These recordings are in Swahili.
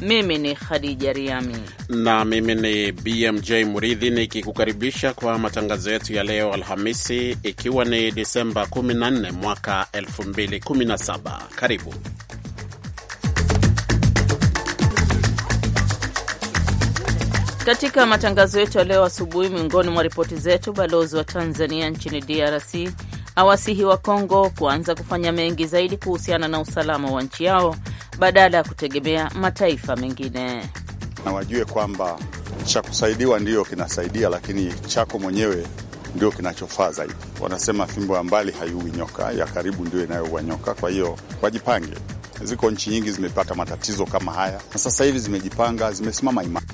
Mimi ni Khadija Riami na mimi ni BMJ Muridhi nikikukaribisha kwa matangazo yetu ya leo Alhamisi, ikiwa ni Disemba 14 mwaka 2017. Karibu katika matangazo yetu ya leo asubuhi. Miongoni mwa ripoti zetu, balozi wa Tanzania nchini DRC awasihi wa Kongo kuanza kufanya mengi zaidi kuhusiana na usalama wa nchi yao badala ya kutegemea mataifa mengine, na wajue kwamba cha kusaidiwa ndiyo kinasaidia, lakini chako mwenyewe ndio kinachofaa zaidi. Wanasema fimbo ya mbali haiui nyoka, ya karibu ndio inayoua nyoka. Kwa hiyo wajipange. Ziko nchi nyingi zimepata matatizo kama haya, na sasa hivi zimejipanga, zimesimama imara.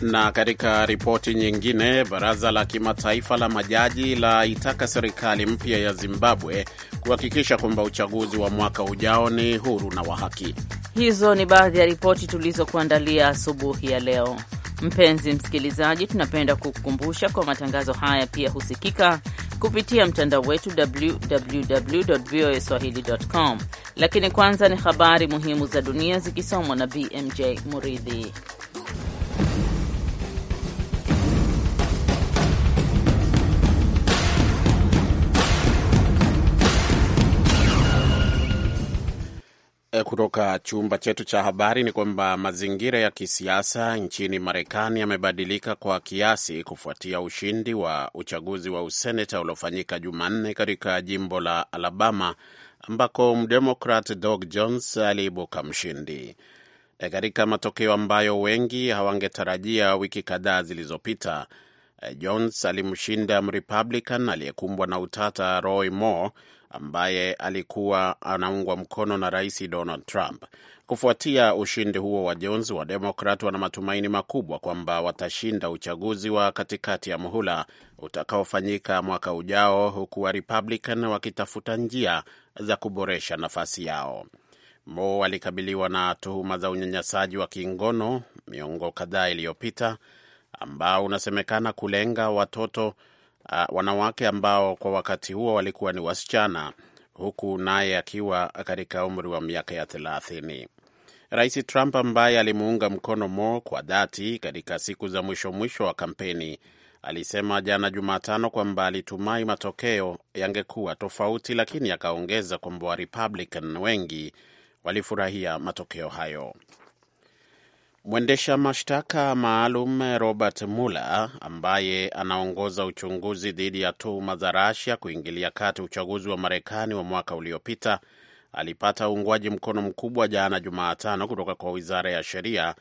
Na katika ripoti nyingine, baraza la kimataifa la majaji la itaka serikali mpya ya Zimbabwe kuhakikisha kwamba uchaguzi wa mwaka ujao ni huru na wa haki. Hizo ni baadhi ya ripoti tulizokuandalia asubuhi ya leo. Mpenzi msikilizaji, tunapenda kukukumbusha kwa matangazo haya pia husikika kupitia mtandao wetu www voa swahili.com. Lakini kwanza ni habari muhimu za dunia zikisomwa na BMJ Muridhi. Eh, kutoka chumba chetu cha habari ni kwamba mazingira ya kisiasa nchini Marekani yamebadilika kwa kiasi kufuatia ushindi wa uchaguzi wa useneta uliofanyika Jumanne katika jimbo la Alabama ambako mdemokrat Doug Jones aliibuka mshindi eh, katika matokeo ambayo wengi hawangetarajia wiki kadhaa zilizopita. Eh, Jones alimshinda mrepublican aliyekumbwa na utata Roy Moore ambaye alikuwa anaungwa mkono na Rais Donald Trump. Kufuatia ushindi huo wa Jones, Wademokrat wana matumaini makubwa kwamba watashinda uchaguzi wa katikati ya muhula utakaofanyika mwaka ujao, huku Warepublican wakitafuta njia za kuboresha nafasi yao. Mo alikabiliwa na tuhuma za unyanyasaji wa kingono miongo kadhaa iliyopita, ambao unasemekana kulenga watoto uh, wanawake ambao kwa wakati huo walikuwa ni wasichana, huku naye akiwa katika umri wa miaka ya thelathini. Rais Trump ambaye alimuunga mkono Mo kwa dhati katika siku za mwisho mwisho wa kampeni alisema jana Jumatano kwamba alitumai matokeo yangekuwa tofauti, lakini akaongeza kwamba Warepublican wengi walifurahia matokeo hayo. Mwendesha mashtaka maalum Robert Mueller ambaye anaongoza uchunguzi dhidi ya tuhuma za Russia kuingilia kati uchaguzi wa Marekani wa mwaka uliopita alipata uungwaji mkono mkubwa jana Jumatano kutoka kwa Wizara ya Sheria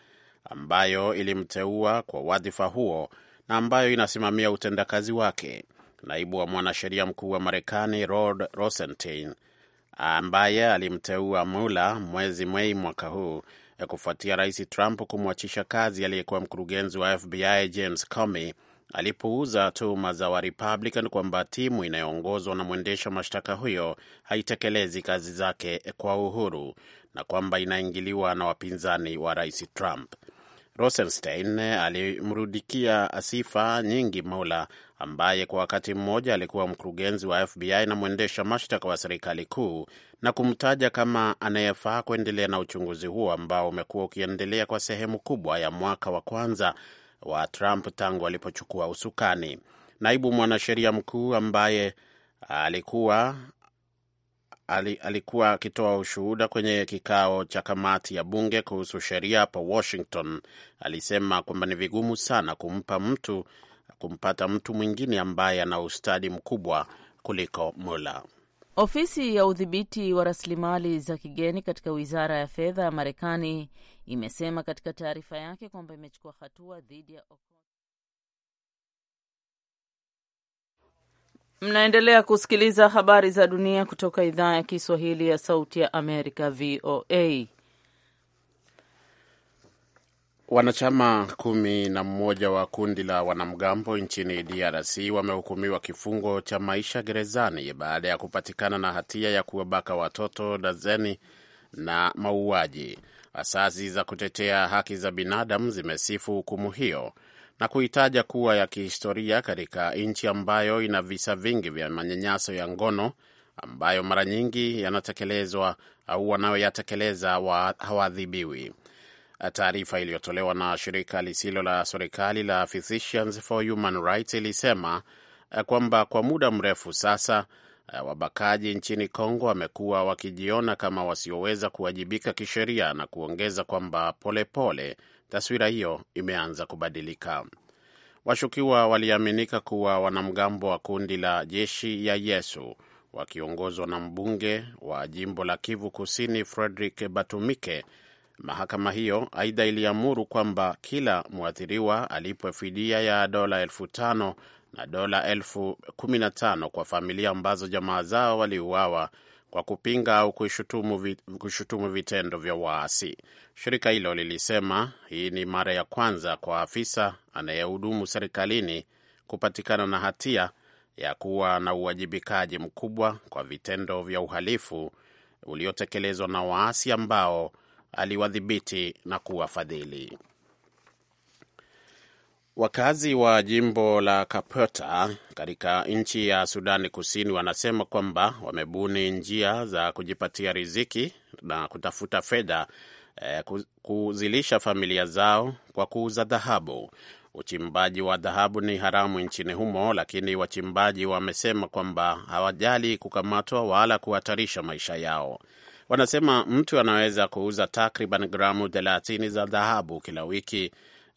ambayo ilimteua kwa wadhifa huo na ambayo inasimamia utendakazi wake. Naibu wa mwanasheria mkuu wa Marekani Rod Rosenstein ambaye alimteua Mueller mwezi Mei mwaka huu ya kufuatia Rais Trump kumwachisha kazi aliyekuwa mkurugenzi wa FBI James Comey alipouza tuhuma za wa kwamba timu inayoongozwa na mwendesha mashtaka huyo haitekelezi kazi zake kwa uhuru na kwamba inaingiliwa na wapinzani wa Rais Trump. Rosenstein alimrudikia sifa nyingi Mula, ambaye kwa wakati mmoja alikuwa mkurugenzi wa FBI na mwendesha mashtaka wa serikali kuu na kumtaja kama anayefaa kuendelea na uchunguzi huo ambao umekuwa ukiendelea kwa sehemu kubwa ya mwaka wa kwanza wa Trump tangu alipochukua usukani. Naibu mwanasheria mkuu ambaye alikuwa alikuwa akitoa ushuhuda kwenye kikao cha kamati ya bunge kuhusu sheria hapa Washington, alisema kwamba ni vigumu sana kumpa mtu kumpata mtu mwingine ambaye ana ustadi mkubwa kuliko Mula. Ofisi ya udhibiti wa rasilimali za kigeni katika wizara ya fedha ya Marekani imesema katika taarifa yake kwamba imechukua hatua dhidi ya Mnaendelea kusikiliza habari za dunia kutoka idhaa ya Kiswahili ya Sauti ya Amerika, VOA. Wanachama kumi na mmoja wa kundi la wanamgambo nchini DRC wamehukumiwa kifungo cha maisha gerezani baada ya kupatikana na hatia ya kuwabaka watoto dazeni na mauaji. Asasi za kutetea haki za binadamu zimesifu hukumu hiyo na kuitaja kuwa ya kihistoria katika nchi ambayo ina visa vingi vya manyanyaso ya ngono ambayo mara nyingi yanatekelezwa au wanayoyatekeleza hawaadhibiwi. Taarifa iliyotolewa na shirika lisilo la serikali la Physicians for Human Rights ilisema eh, kwamba kwa muda mrefu sasa eh, wabakaji nchini Kongo wamekuwa wakijiona kama wasioweza kuwajibika kisheria na kuongeza kwamba polepole pole, taswira hiyo imeanza kubadilika. Washukiwa waliaminika kuwa wanamgambo wa kundi la jeshi ya Yesu wakiongozwa na mbunge wa jimbo la Kivu Kusini Frederick Batumike. Mahakama hiyo aidha iliamuru kwamba kila mwathiriwa alipwe fidia ya dola elfu tano na dola elfu kumi na tano kwa familia ambazo jamaa zao waliuawa kwa kupinga au kushutumu vitendo vya waasi. Shirika hilo lilisema hii ni mara ya kwanza kwa afisa anayehudumu serikalini kupatikana na hatia ya kuwa na uwajibikaji mkubwa kwa vitendo vya uhalifu uliotekelezwa na waasi ambao aliwadhibiti na kuwafadhili. Wakazi wa jimbo la Kapota katika nchi ya Sudani Kusini wanasema kwamba wamebuni njia za kujipatia riziki na kutafuta fedha eh, kuzilisha familia zao kwa kuuza dhahabu. Uchimbaji wa dhahabu ni haramu nchini humo, lakini wachimbaji wamesema kwamba hawajali kukamatwa wala kuhatarisha maisha yao. Wanasema mtu anaweza kuuza takriban gramu 30 za dhahabu kila wiki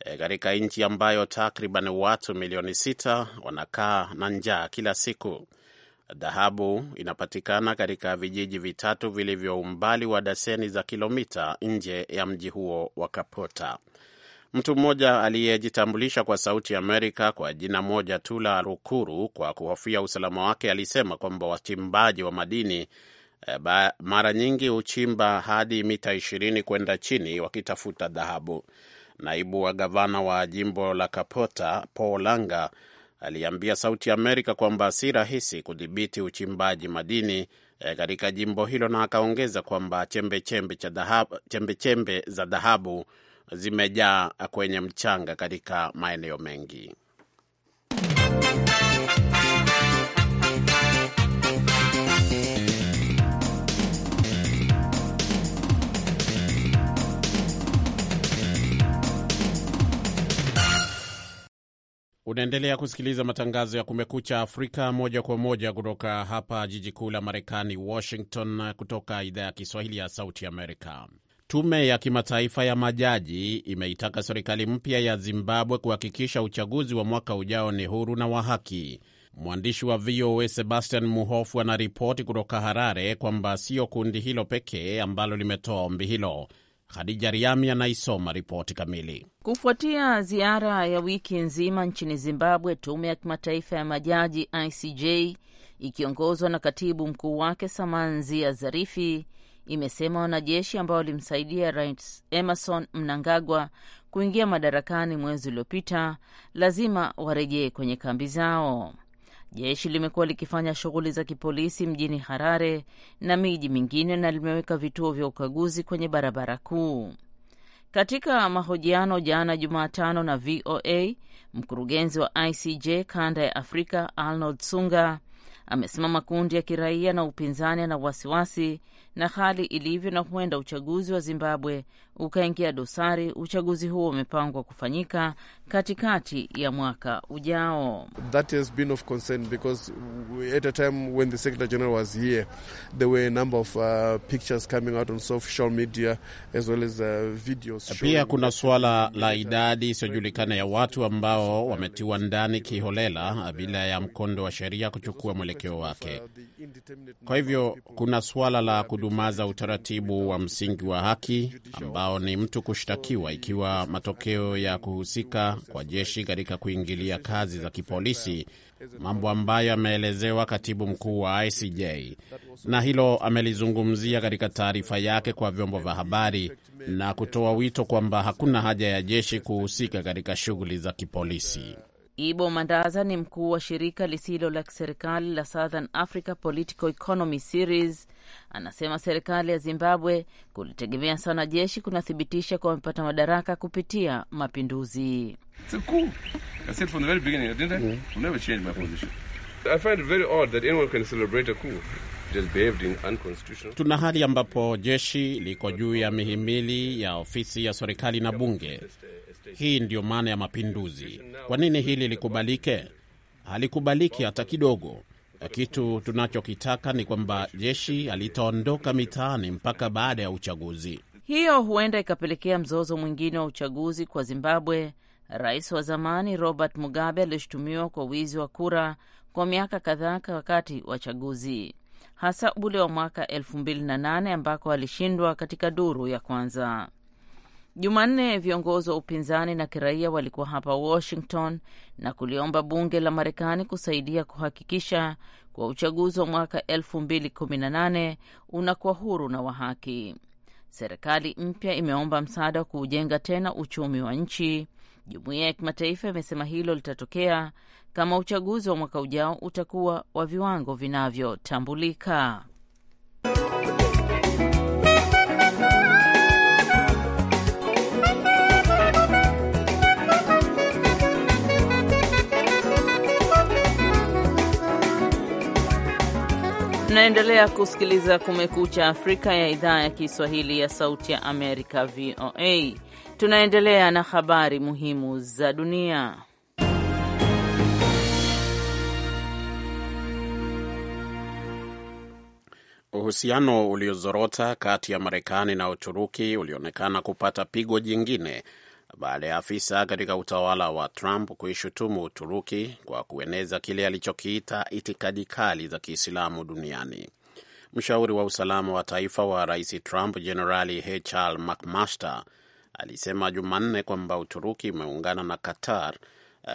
Eh, katika e, nchi ambayo takriban watu milioni sita wanakaa na njaa kila siku. Dhahabu inapatikana katika vijiji vitatu vilivyo umbali wa daseni za kilomita nje ya mji huo wa Kapota. Mtu mmoja aliyejitambulisha kwa Sauti Amerika kwa jina moja tu la Rukuru kwa kuhofia usalama wake alisema kwamba wachimbaji wa madini eh, mara nyingi huchimba hadi mita ishirini kwenda chini wakitafuta dhahabu. Naibu wa gavana wa jimbo la Kapota, Paul Langa, aliambia Sauti ya Amerika kwamba si rahisi kudhibiti uchimbaji madini e, katika jimbo hilo, na akaongeza kwamba chembechembe chembe chembe za dhahabu zimejaa kwenye mchanga katika maeneo mengi. Unaendelea kusikiliza matangazo ya Kumekucha Afrika moja kwa moja kutoka hapa jiji kuu la Marekani, Washington, kutoka idhaa ya Kiswahili ya Sauti Amerika. Tume ya Kimataifa ya Majaji imeitaka serikali mpya ya Zimbabwe kuhakikisha uchaguzi wa mwaka ujao ni huru na wa haki. Mwandishi wa VOA Sebastian Muhofu anaripoti kutoka Harare kwamba sio kundi hilo pekee ambalo limetoa ombi hilo. Khadija Riami anaisoma ripoti kamili. Kufuatia ziara ya wiki nzima nchini Zimbabwe, tume ya kimataifa ya majaji ICJ ikiongozwa na katibu mkuu wake Samanzia Zarifi imesema wanajeshi ambao walimsaidia Rais Emerson Mnangagwa kuingia madarakani mwezi uliopita lazima warejee kwenye kambi zao. Jeshi limekuwa likifanya shughuli za kipolisi mjini Harare na miji mingine na limeweka vituo vya ukaguzi kwenye barabara kuu. Katika mahojiano jana Jumatano na VOA, mkurugenzi wa ICJ kanda ya Afrika Arnold Sunga amesema makundi ya kiraia na upinzani na wasiwasi na hali ilivyo, na huenda uchaguzi wa Zimbabwe ukaingia dosari. Uchaguzi huo umepangwa kufanyika katikati ya mwaka ujao. Pia kuna suala la idadi isiyojulikana ya watu ambao wametiwa ndani kiholela uh, bila ya mkondo wa sheria kuchukua mwelekeo wake. Kwa hivyo kuna suala la kudu kudumaza utaratibu wa msingi wa haki ambao ni mtu kushtakiwa ikiwa matokeo ya kuhusika kwa jeshi katika kuingilia kazi za kipolisi, mambo ambayo ameelezewa katibu mkuu wa ICJ, na hilo amelizungumzia katika taarifa yake kwa vyombo vya habari na kutoa wito kwamba hakuna haja ya jeshi kuhusika katika shughuli za kipolisi. Ibo Mandaza ni mkuu wa shirika lisilo la kiserikali la Southern Africa Political Economy Series. Anasema serikali ya Zimbabwe kulitegemea sana jeshi kunathibitisha kuwa wamepata madaraka kupitia mapinduzi. Cool. Tuna hali ambapo jeshi liko juu ya mihimili ya ofisi ya serikali na bunge. Hii ndiyo maana ya mapinduzi. Kwa nini hili likubalike? Halikubaliki hata kidogo. Kitu tunachokitaka ni kwamba jeshi halitaondoka mitaani mpaka baada ya uchaguzi. Hiyo huenda ikapelekea mzozo mwingine wa uchaguzi kwa Zimbabwe. Rais wa zamani Robert Mugabe alishutumiwa kwa wizi wa kura kwa miaka kadhaa wakati wa chaguzi hasa ule wa mwaka 2008 ambako alishindwa katika duru ya kwanza. Jumanne, viongozi wa upinzani na kiraia walikuwa hapa Washington na kuliomba bunge la Marekani kusaidia kuhakikisha kuwa uchaguzi wa mwaka 2018 unakuwa huru na wa haki. Serikali mpya imeomba msaada wa kuujenga tena uchumi wa nchi. Jumuiya ya kimataifa imesema hilo litatokea kama uchaguzi wa mwaka ujao utakuwa wa viwango vinavyotambulika. Mnaendelea kusikiliza Kumekucha Afrika ya idhaa ya Kiswahili ya Sauti ya Amerika, VOA. Tunaendelea na habari muhimu za dunia. Uhusiano uliozorota kati ya Marekani na Uturuki ulionekana kupata pigo jingine baada ya afisa katika utawala wa Trump kuishutumu Uturuki kwa kueneza kile alichokiita itikadi kali za Kiislamu duniani. Mshauri wa usalama wa taifa wa rais Trump, Jenerali HR McMaster, alisema Jumanne kwamba Uturuki imeungana na Qatar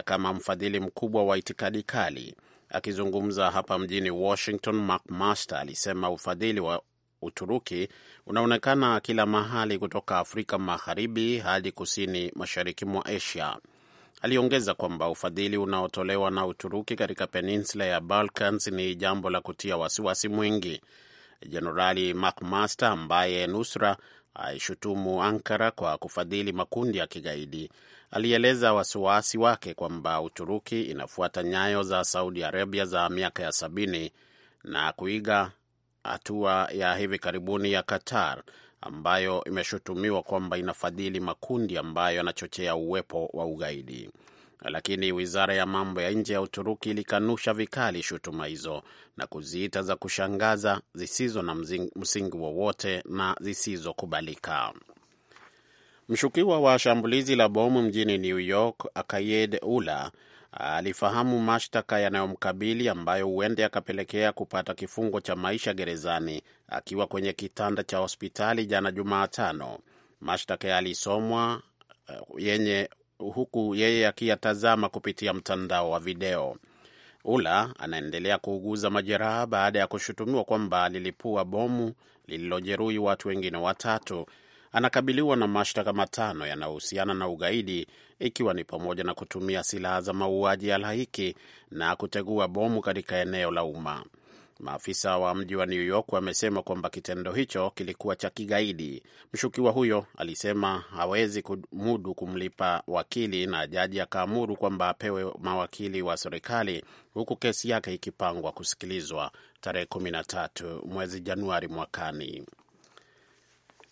kama mfadhili mkubwa wa itikadi kali. Akizungumza hapa mjini Washington, McMaster alisema ufadhili wa Uturuki unaonekana kila mahali kutoka Afrika Magharibi hadi kusini mashariki mwa Asia. Aliongeza kwamba ufadhili unaotolewa na Uturuki katika peninsula ya Balkans ni jambo la kutia wasiwasi mwingi. Jenerali McMaster ambaye nusra aishutumu Ankara kwa kufadhili makundi ya kigaidi alieleza wasiwasi wake kwamba Uturuki inafuata nyayo za Saudi Arabia za miaka ya sabini na kuiga hatua ya hivi karibuni ya Qatar ambayo imeshutumiwa kwamba inafadhili makundi ambayo yanachochea uwepo wa ugaidi. Lakini wizara ya mambo ya nje ya Uturuki ilikanusha vikali shutuma hizo na kuziita za kushangaza, zisizo na msingi wowote na zisizokubalika. Mshukiwa wa shambulizi la bomu mjini New York, Akayed Ula, alifahamu mashtaka yanayomkabili ambayo huende akapelekea kupata kifungo cha maisha gerezani akiwa kwenye kitanda cha hospitali jana Jumatano. Mashtaka yalisomwa uh, yenye huku yeye akiyatazama kupitia mtandao wa video. Ula anaendelea kuuguza majeraha baada ya kushutumiwa kwamba alilipua bomu lililojeruhi watu wengine watatu anakabiliwa na mashtaka matano yanayohusiana na ugaidi, ikiwa ni pamoja na kutumia silaha za mauaji ya halaiki na kutegua bomu katika eneo la umma. Maafisa wa mji wa New York wamesema kwamba kitendo hicho kilikuwa cha kigaidi. Mshukiwa huyo alisema hawezi kumudu kumlipa wakili, na jaji akaamuru kwamba apewe mawakili wa serikali, huku kesi yake ikipangwa kusikilizwa tarehe 13 mwezi Januari mwakani.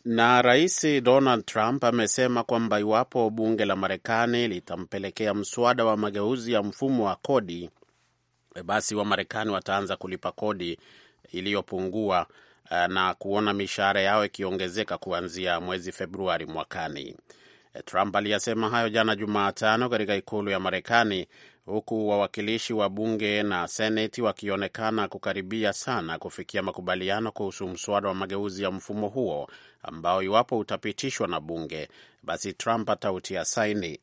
Na Rais Donald Trump amesema kwamba iwapo bunge la Marekani litampelekea mswada wa mageuzi ya mfumo wa kodi, basi Wamarekani wataanza kulipa kodi iliyopungua eh, na kuona mishahara yao ikiongezeka kuanzia mwezi Februari mwakani. Trump aliyasema hayo jana Jumatano katika ikulu ya Marekani, huku wawakilishi wa bunge na seneti wakionekana kukaribia sana kufikia makubaliano kuhusu mswada wa mageuzi ya mfumo huo ambao iwapo utapitishwa na bunge, basi Trump atautia saini.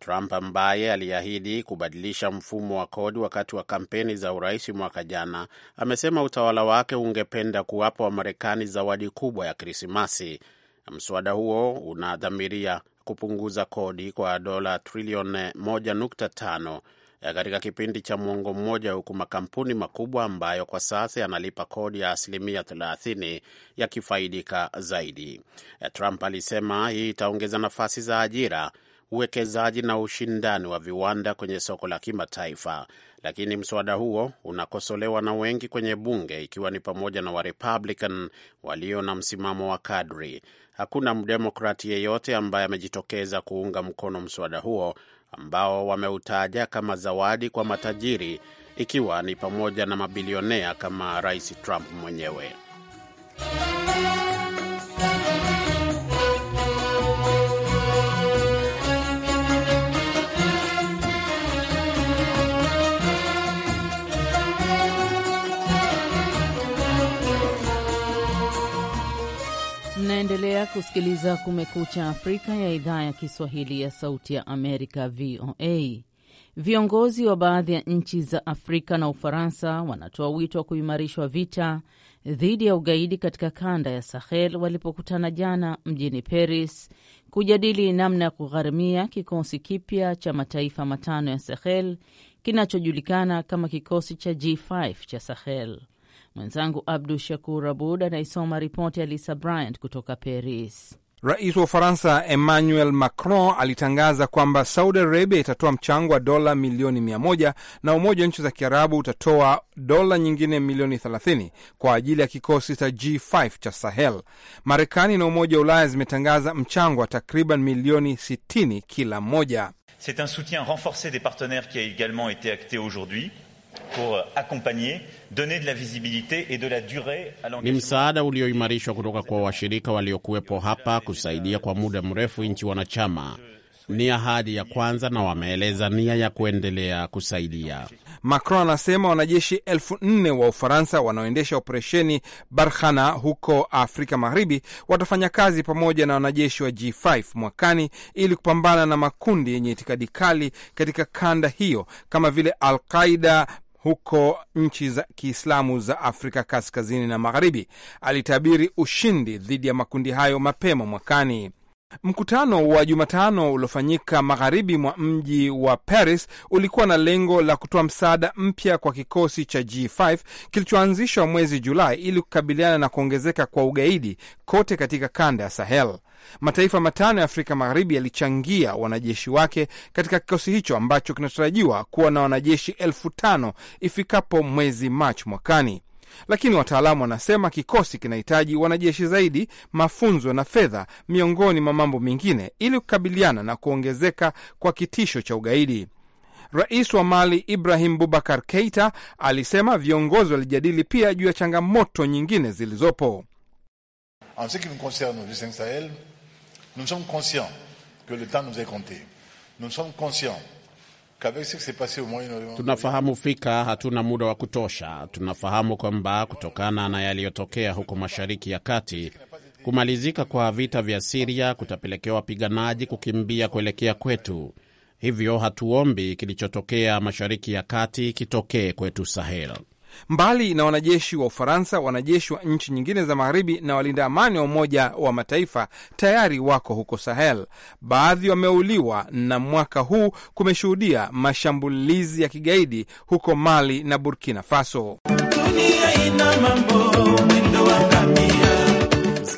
Trump ambaye aliahidi kubadilisha mfumo wa kodi wakati wa kampeni za urais mwaka jana, amesema utawala wake ungependa kuwapa Wamarekani zawadi kubwa ya Krismasi Mswada huo unadhamiria kupunguza kodi kwa dola trilioni 1.5 e, katika kipindi cha mwongo mmoja, huku makampuni makubwa ambayo kwa sasa yanalipa kodi ya asilimia 30 yakifaidika zaidi. E, Trump alisema hii itaongeza nafasi za ajira, uwekezaji na ushindani wa viwanda kwenye soko la kimataifa. Lakini mswada huo unakosolewa na wengi kwenye bunge, ikiwa ni pamoja na Warepublican walio na msimamo wa kadri hakuna mdemokrati yeyote ambaye amejitokeza kuunga mkono mswada huo ambao wameutaja kama zawadi kwa matajiri, ikiwa ni pamoja na mabilionea kama Rais Trump mwenyewe. Unaendelea kusikiliza Kumekucha Afrika ya idhaa ya Kiswahili ya Sauti ya Amerika, VOA. Viongozi wa baadhi ya nchi za Afrika na Ufaransa wanatoa wito wa kuimarishwa vita dhidi ya ugaidi katika kanda ya Sahel walipokutana jana mjini Paris kujadili namna ya kugharimia kikosi kipya cha mataifa matano ya Sahel kinachojulikana kama kikosi cha G5 cha Sahel. Mwenzangu Abdu Shakur Abud anaisoma ripoti ya Lisa Bryant kutoka Paris. Rais wa Ufaransa Emmanuel Macron alitangaza kwamba Saudi Arabia itatoa mchango wa dola milioni mia moja na Umoja wa Nchi za Kiarabu utatoa dola nyingine milioni 30 kwa ajili ya kikosi cha G5 cha Sahel. Marekani na Umoja wa Ulaya zimetangaza mchango wa takriban milioni 60 kila moja. C'est un soutien renforce des partenaires qui a également été acte aujourd'hui pour accompagner, donner de la visibilité et de la durée à l'engagement. Ni msaada ulioimarishwa kutoka kwa washirika waliokuwepo hapa kusaidia kwa muda mrefu nchi wanachama. Ni ahadi ya kwanza na wameeleza nia ya kuendelea kusaidia. Macron anasema wanajeshi elfu nne wa Ufaransa wanaoendesha operesheni Barkhana huko Afrika Magharibi watafanya kazi pamoja na wanajeshi wa G5 mwakani ili kupambana na makundi yenye itikadi kali katika kanda hiyo kama vile Al Qaida, huko nchi za Kiislamu za Afrika kaskazini na magharibi, alitabiri ushindi dhidi ya makundi hayo mapema mwakani. Mkutano wa Jumatano uliofanyika magharibi mwa mji wa Paris ulikuwa na lengo la kutoa msaada mpya kwa kikosi cha G5 kilichoanzishwa mwezi Julai ili kukabiliana na kuongezeka kwa ugaidi kote katika kanda ya Sahel. Mataifa matano ya Afrika Magharibi yalichangia wanajeshi wake katika kikosi hicho ambacho kinatarajiwa kuwa na wanajeshi elfu tano ifikapo mwezi Machi mwakani, lakini wataalamu wanasema kikosi kinahitaji wanajeshi zaidi, mafunzo na fedha, miongoni mwa mambo mengine, ili kukabiliana na kuongezeka kwa kitisho cha ugaidi. Rais wa Mali Ibrahim Bubakar Keita alisema viongozi walijadili pia juu ya changamoto nyingine zilizopo. En ce qui concerne, Nous sommes conscients que le temps nous est compté. Nous sommes conscients Tunafahamu fika hatuna muda wa kutosha. Tunafahamu kwamba kutokana na yaliyotokea huko Mashariki ya Kati, kumalizika kwa vita vya Siria kutapelekea wapiganaji kukimbia kuelekea kwetu. Hivyo hatuombi kilichotokea Mashariki ya Kati kitokee kwetu Sahel. Mbali na wanajeshi wa Ufaransa, wanajeshi wa nchi nyingine za magharibi na walinda amani wa Umoja wa Mataifa tayari wako huko Sahel. Baadhi wameuliwa, na mwaka huu kumeshuhudia mashambulizi ya kigaidi huko Mali na Burkina Faso. Dunia ina mambo, mwendo wa ngamia.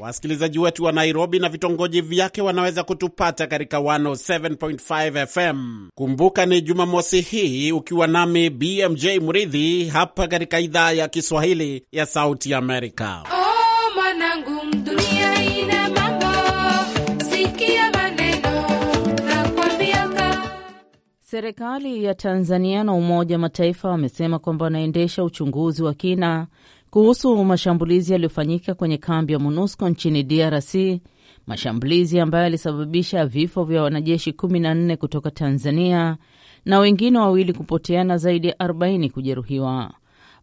Wasikilizaji wetu wa Nairobi na vitongoji vyake wanaweza kutupata katika 107.5 FM. Kumbuka ni Jumamosi hii ukiwa nami BMJ Mridhi hapa katika idhaa ya Kiswahili ya Sauti Amerika. Oh, Serikali ya Tanzania na Umoja wa Mataifa wamesema kwamba wanaendesha uchunguzi wa kina kuhusu mashambulizi yaliyofanyika kwenye kambi ya MONUSCO nchini DRC, mashambulizi ambayo yalisababisha vifo vya wanajeshi 14 kutoka Tanzania na wengine wawili kupoteana, zaidi ya 40 kujeruhiwa.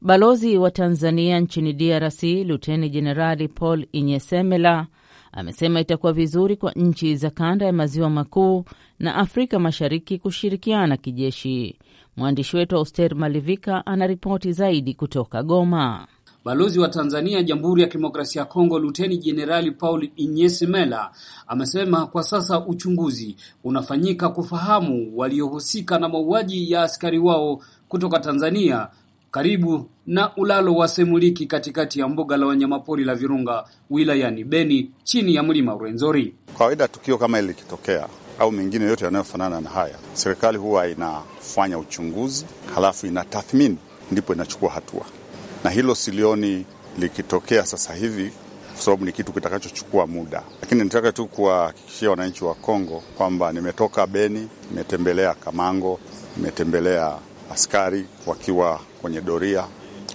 Balozi wa Tanzania nchini DRC Luteni Jenerali Paul Inyesemela amesema itakuwa vizuri kwa nchi za kanda ya maziwa makuu na Afrika Mashariki kushirikiana kijeshi. Mwandishi wetu Auster Malivika anaripoti zaidi kutoka Goma. Balozi wa Tanzania Jamhuri ya Kidemokrasia ya Kongo Luteni Jenerali Paul Inyesimela amesema kwa sasa uchunguzi unafanyika kufahamu waliohusika na mauaji ya askari wao kutoka Tanzania karibu na ulalo wa Semuliki katikati ya mbuga la wanyamapori la Virunga wilayani Beni chini ya mlima Rwenzori. Kawaida tukio kama likitokea au mengine yote yanayofanana na haya, serikali huwa inafanya uchunguzi halafu inatathmini ndipo inachukua hatua na hilo silioni likitokea sasa hivi kwa sababu ni kitu kitakachochukua muda, lakini nitaka tu kuwahakikishia wananchi wa Kongo kwamba nimetoka Beni, nimetembelea Kamango, nimetembelea askari wakiwa kwenye doria,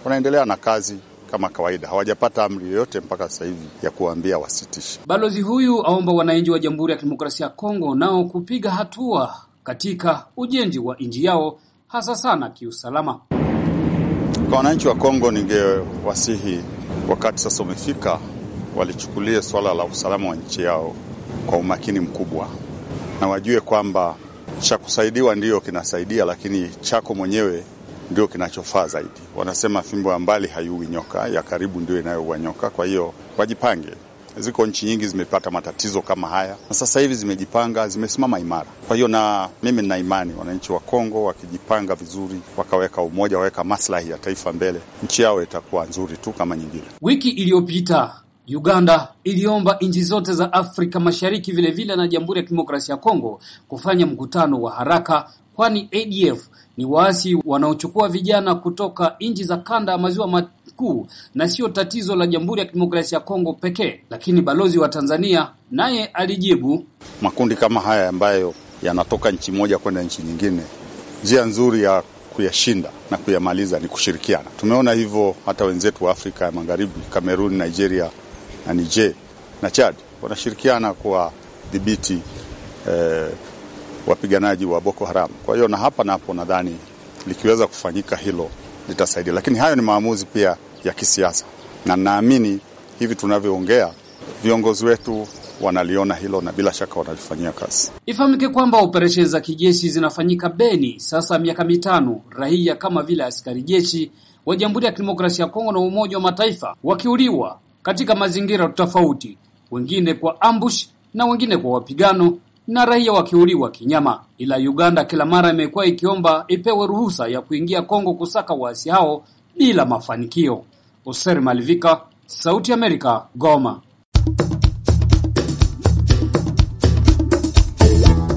wanaendelea na kazi kama kawaida, hawajapata amri yoyote mpaka sasa hivi ya kuwaambia wasitishe. Balozi huyu aomba wananchi wa Jamhuri ya Kidemokrasia ya Kongo nao kupiga hatua katika ujenzi wa nchi yao, hasa sana kiusalama. Kwa wananchi wa Kongo, ningewasihi wakati sasa umefika, walichukulie swala la usalama wa nchi yao kwa umakini mkubwa, na wajue kwamba cha kusaidiwa ndiyo kinasaidia, lakini chako mwenyewe ndio kinachofaa zaidi. Wanasema fimbo ya mbali haiui nyoka, ya karibu ndio inayoua nyoka. Kwa hiyo wajipange. Ziko nchi nyingi zimepata matatizo kama haya, na sasa hivi zimejipanga, zimesimama imara. Kwa hiyo na mimi nina imani wananchi wa Kongo wakijipanga vizuri, wakaweka umoja, waweka maslahi ya taifa mbele, nchi yao itakuwa nzuri tu kama nyingine. Wiki iliyopita Uganda iliomba nchi zote za Afrika Mashariki vilevile na Jamhuri ya Kidemokrasia ya Kongo kufanya mkutano wa haraka, kwani ADF ni waasi wanaochukua vijana kutoka nchi za kanda ya maziwa kuu na sio tatizo la Jamhuri ya Kidemokrasia ya Kongo pekee. Lakini balozi wa Tanzania naye alijibu, makundi kama haya ambayo yanatoka nchi moja kwenda nchi nyingine, njia nzuri ya kuyashinda na kuyamaliza ni kushirikiana. Tumeona hivyo hata wenzetu wa Afrika ya Magharibi, Kamerun, Nigeria na Niger na Chad wanashirikiana dhibiti eh, wapiganaji wa Boko Haram. Kwa hiyo na hapa napo nadhani likiweza kufanyika hilo litasaidia, lakini hayo ni maamuzi pia ya kisiasa, na naamini hivi tunavyoongea viongozi wetu wanaliona hilo na bila shaka wanalifanyia kazi. Ifahamike kwamba operesheni za kijeshi zinafanyika Beni sasa miaka mitano, raia kama vile askari jeshi wa Jamhuri ya Kidemokrasia ya Kongo na Umoja wa Mataifa wakiuliwa katika mazingira tofauti, wengine kwa ambush na wengine kwa wapigano na raia wakiuliwa kinyama. Ila Uganda kila mara imekuwa ikiomba ipewe ruhusa ya kuingia Kongo kusaka waasi hao bila mafanikio. Oser Malivika, Sauti ya Amerika, Goma.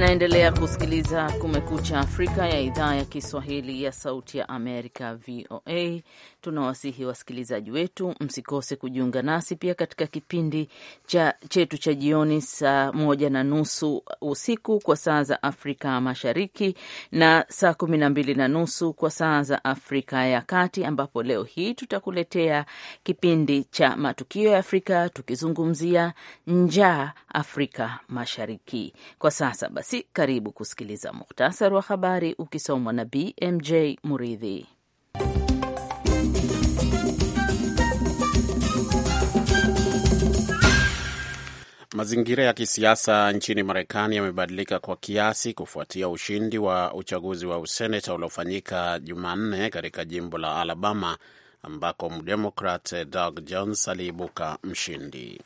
Mnaendelea kusikiliza Kumekucha Afrika ya idhaa ya Kiswahili ya Sauti ya Amerika, VOA. Tunawasihi wasikilizaji wetu msikose kujiunga nasi pia katika kipindi cha chetu cha jioni saa moja na nusu usiku kwa saa za Afrika Mashariki na saa kumi na mbili na nusu kwa saa za Afrika ya Kati, ambapo leo hii tutakuletea kipindi cha matukio ya Afrika tukizungumzia njaa Afrika Mashariki. Kwa sasa basi basi karibu kusikiliza muhtasari wa habari ukisomwa na BMJ Muridhi. Mazingira ya kisiasa nchini Marekani yamebadilika kwa kiasi kufuatia ushindi wa uchaguzi wa useneta uliofanyika Jumanne katika jimbo la Alabama ambako mdemokrat Doug Jones aliibuka mshindi.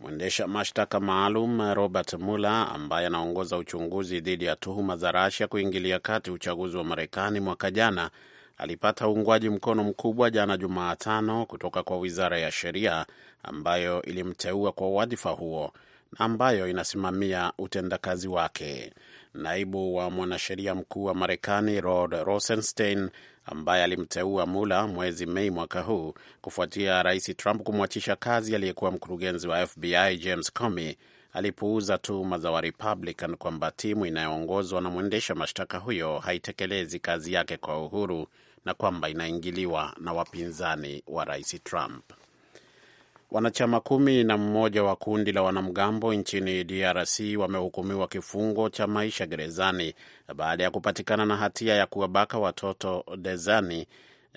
Mwendesha mashtaka maalum eh, Robert Mueller ambaye anaongoza uchunguzi dhidi ya tuhuma za Russia kuingilia kati uchaguzi wa Marekani mwaka jana alipata uungwaji mkono mkubwa jana Jumatano kutoka kwa wizara ya sheria ambayo ilimteua kwa wadhifa huo na ambayo inasimamia utendakazi wake naibu wa mwanasheria mkuu wa Marekani Rod Rosenstein ambaye alimteua Mula mwezi Mei mwaka huu kufuatia Rais Trump kumwachisha kazi aliyekuwa mkurugenzi wa FBI James Comey alipuuza tuhuma za Warepublican kwamba timu inayoongozwa na mwendesha mashtaka huyo haitekelezi kazi yake kwa uhuru na kwamba inaingiliwa na wapinzani wa Rais Trump. Wanachama kumi na mmoja wa kundi la wanamgambo nchini DRC wamehukumiwa kifungo cha maisha gerezani baada ya kupatikana na hatia ya kuwabaka watoto dezani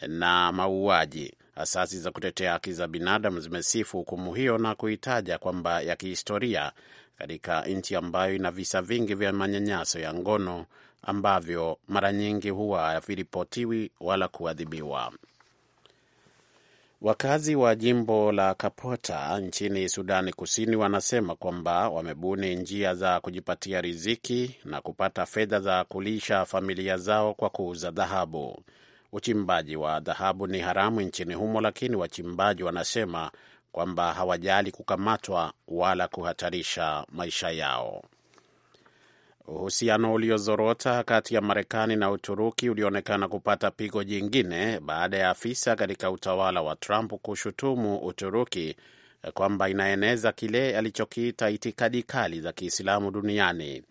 na mauaji. Asasi za kutetea haki za binadamu zimesifu hukumu hiyo na kuitaja kwamba ya kihistoria katika nchi ambayo ina visa vingi vya manyanyaso ya ngono ambavyo mara nyingi huwa haviripotiwi wala kuadhibiwa. Wakazi wa jimbo la Kapota nchini Sudani Kusini wanasema kwamba wamebuni njia za kujipatia riziki na kupata fedha za kulisha familia zao kwa kuuza dhahabu. Uchimbaji wa dhahabu ni haramu nchini humo, lakini wachimbaji wanasema kwamba hawajali kukamatwa wala kuhatarisha maisha yao. Uhusiano uliozorota kati ya Marekani na Uturuki ulionekana kupata pigo jingine baada ya afisa katika utawala wa Trump kushutumu Uturuki kwamba inaeneza kile alichokiita itikadi kali za Kiislamu duniani.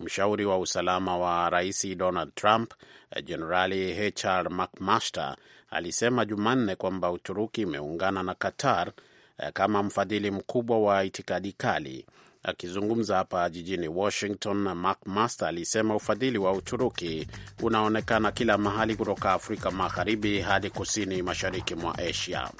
Mshauri wa usalama wa rais Donald Trump, Jenerali HR McMaster, alisema Jumanne kwamba Uturuki imeungana na Qatar kama mfadhili mkubwa wa itikadi kali. Akizungumza hapa jijini Washington, Mark Master alisema ufadhili wa Uturuki unaonekana kila mahali kutoka Afrika Magharibi hadi kusini mashariki mwa Asia.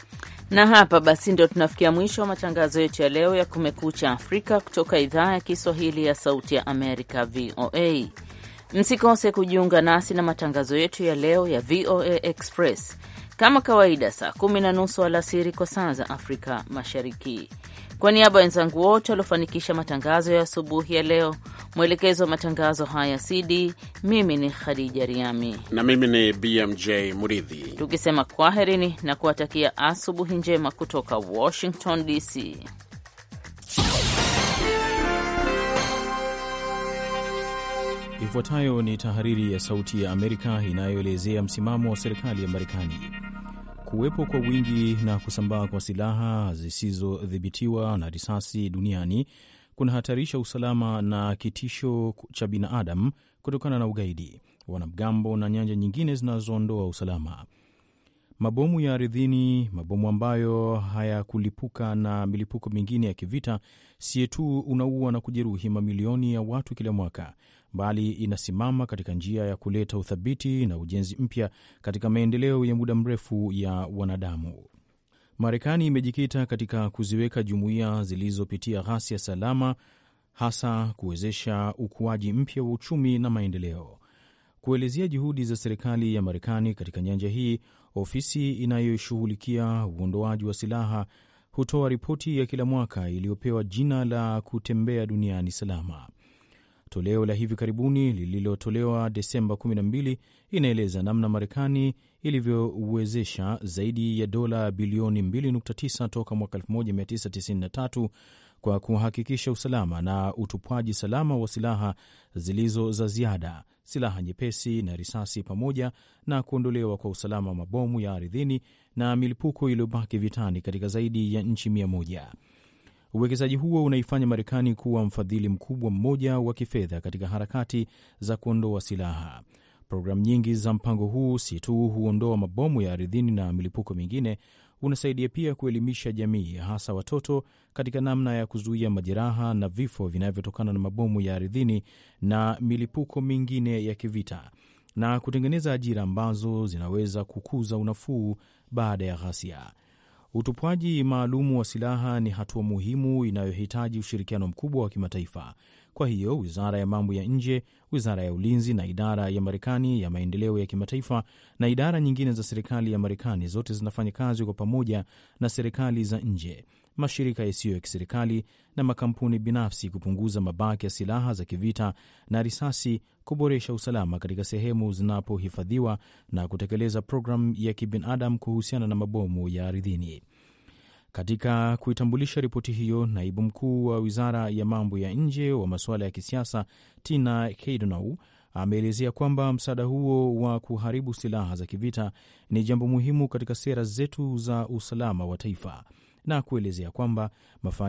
Na hapa basi ndio tunafikia mwisho wa matangazo yetu ya leo ya Kumekucha Afrika kutoka idhaa ya Kiswahili ya Sauti ya Amerika, VOA. Msikose kujiunga nasi na matangazo yetu ya leo ya VOA Express kama kawaida, saa kumi na nusu alasiri kwa saa za Afrika Mashariki. Kwa niaba ya wenzangu wote waliofanikisha matangazo ya asubuhi ya leo, mwelekezi wa matangazo haya CD, mimi ni Khadija Riami na mimi ni BMJ Muridhi, tukisema kwaherini na kuwatakia asubuhi njema kutoka Washington DC. Ifuatayo ni tahariri ya Sauti ya Amerika inayoelezea msimamo wa serikali ya Marekani kuwepo kwa wingi na kusambaa kwa silaha zisizodhibitiwa na risasi duniani kunahatarisha usalama na kitisho cha binadamu kutokana na ugaidi, wanamgambo na nyanja nyingine zinazoondoa usalama. Mabomu ya ardhini, mabomu ambayo hayakulipuka na milipuko mingine ya kivita, sietu tu unaua na kujeruhi mamilioni ya watu kila mwaka, bali inasimama katika njia ya kuleta uthabiti na ujenzi mpya katika maendeleo ya muda mrefu ya wanadamu. Marekani imejikita katika kuziweka jumuiya zilizopitia ghasia salama, hasa kuwezesha ukuaji mpya wa uchumi na maendeleo. Kuelezea juhudi za serikali ya Marekani katika nyanja hii, ofisi inayoshughulikia uondoaji wa silaha hutoa ripoti ya kila mwaka iliyopewa jina la Kutembea Duniani Salama. Toleo la hivi karibuni lililotolewa Desemba 12 inaeleza namna Marekani ilivyowezesha zaidi ya dola bilioni 2.9 toka mwaka 1993 kwa kuhakikisha usalama na utupwaji salama wa silaha zilizo za ziada, silaha nyepesi na risasi, pamoja na kuondolewa kwa usalama mabomu ya ardhini na milipuko iliyobaki vitani katika zaidi ya nchi mia moja. Uwekezaji huo unaifanya Marekani kuwa mfadhili mkubwa mmoja wa kifedha katika harakati za kuondoa silaha. Programu nyingi za mpango huu si tu huondoa mabomu ya ardhini na milipuko mingine, unasaidia pia kuelimisha jamii, hasa watoto, katika namna ya kuzuia majeraha na vifo vinavyotokana na mabomu ya ardhini na milipuko mingine ya kivita na kutengeneza ajira ambazo zinaweza kukuza unafuu baada ya ghasia. Utupwaji maalumu wa silaha ni hatua muhimu inayohitaji ushirikiano mkubwa wa kimataifa. Kwa hiyo wizara ya mambo ya nje, wizara ya ulinzi na idara ya Marekani ya maendeleo ya kimataifa na idara nyingine za serikali ya Marekani zote zinafanya kazi kwa pamoja na serikali za nje mashirika yasiyo ya kiserikali na makampuni binafsi kupunguza mabaki ya silaha za kivita na risasi, kuboresha usalama katika sehemu zinapohifadhiwa na kutekeleza programu ya kibinadamu kuhusiana na mabomu ya ardhini. Katika kuitambulisha ripoti hiyo, naibu mkuu wa wizara ya mambo ya nje wa masuala ya kisiasa Tina Keydonow ameelezea kwamba msaada huo wa kuharibu silaha za kivita ni jambo muhimu katika sera zetu za usalama wa taifa na kuelezea kwamba mafanikio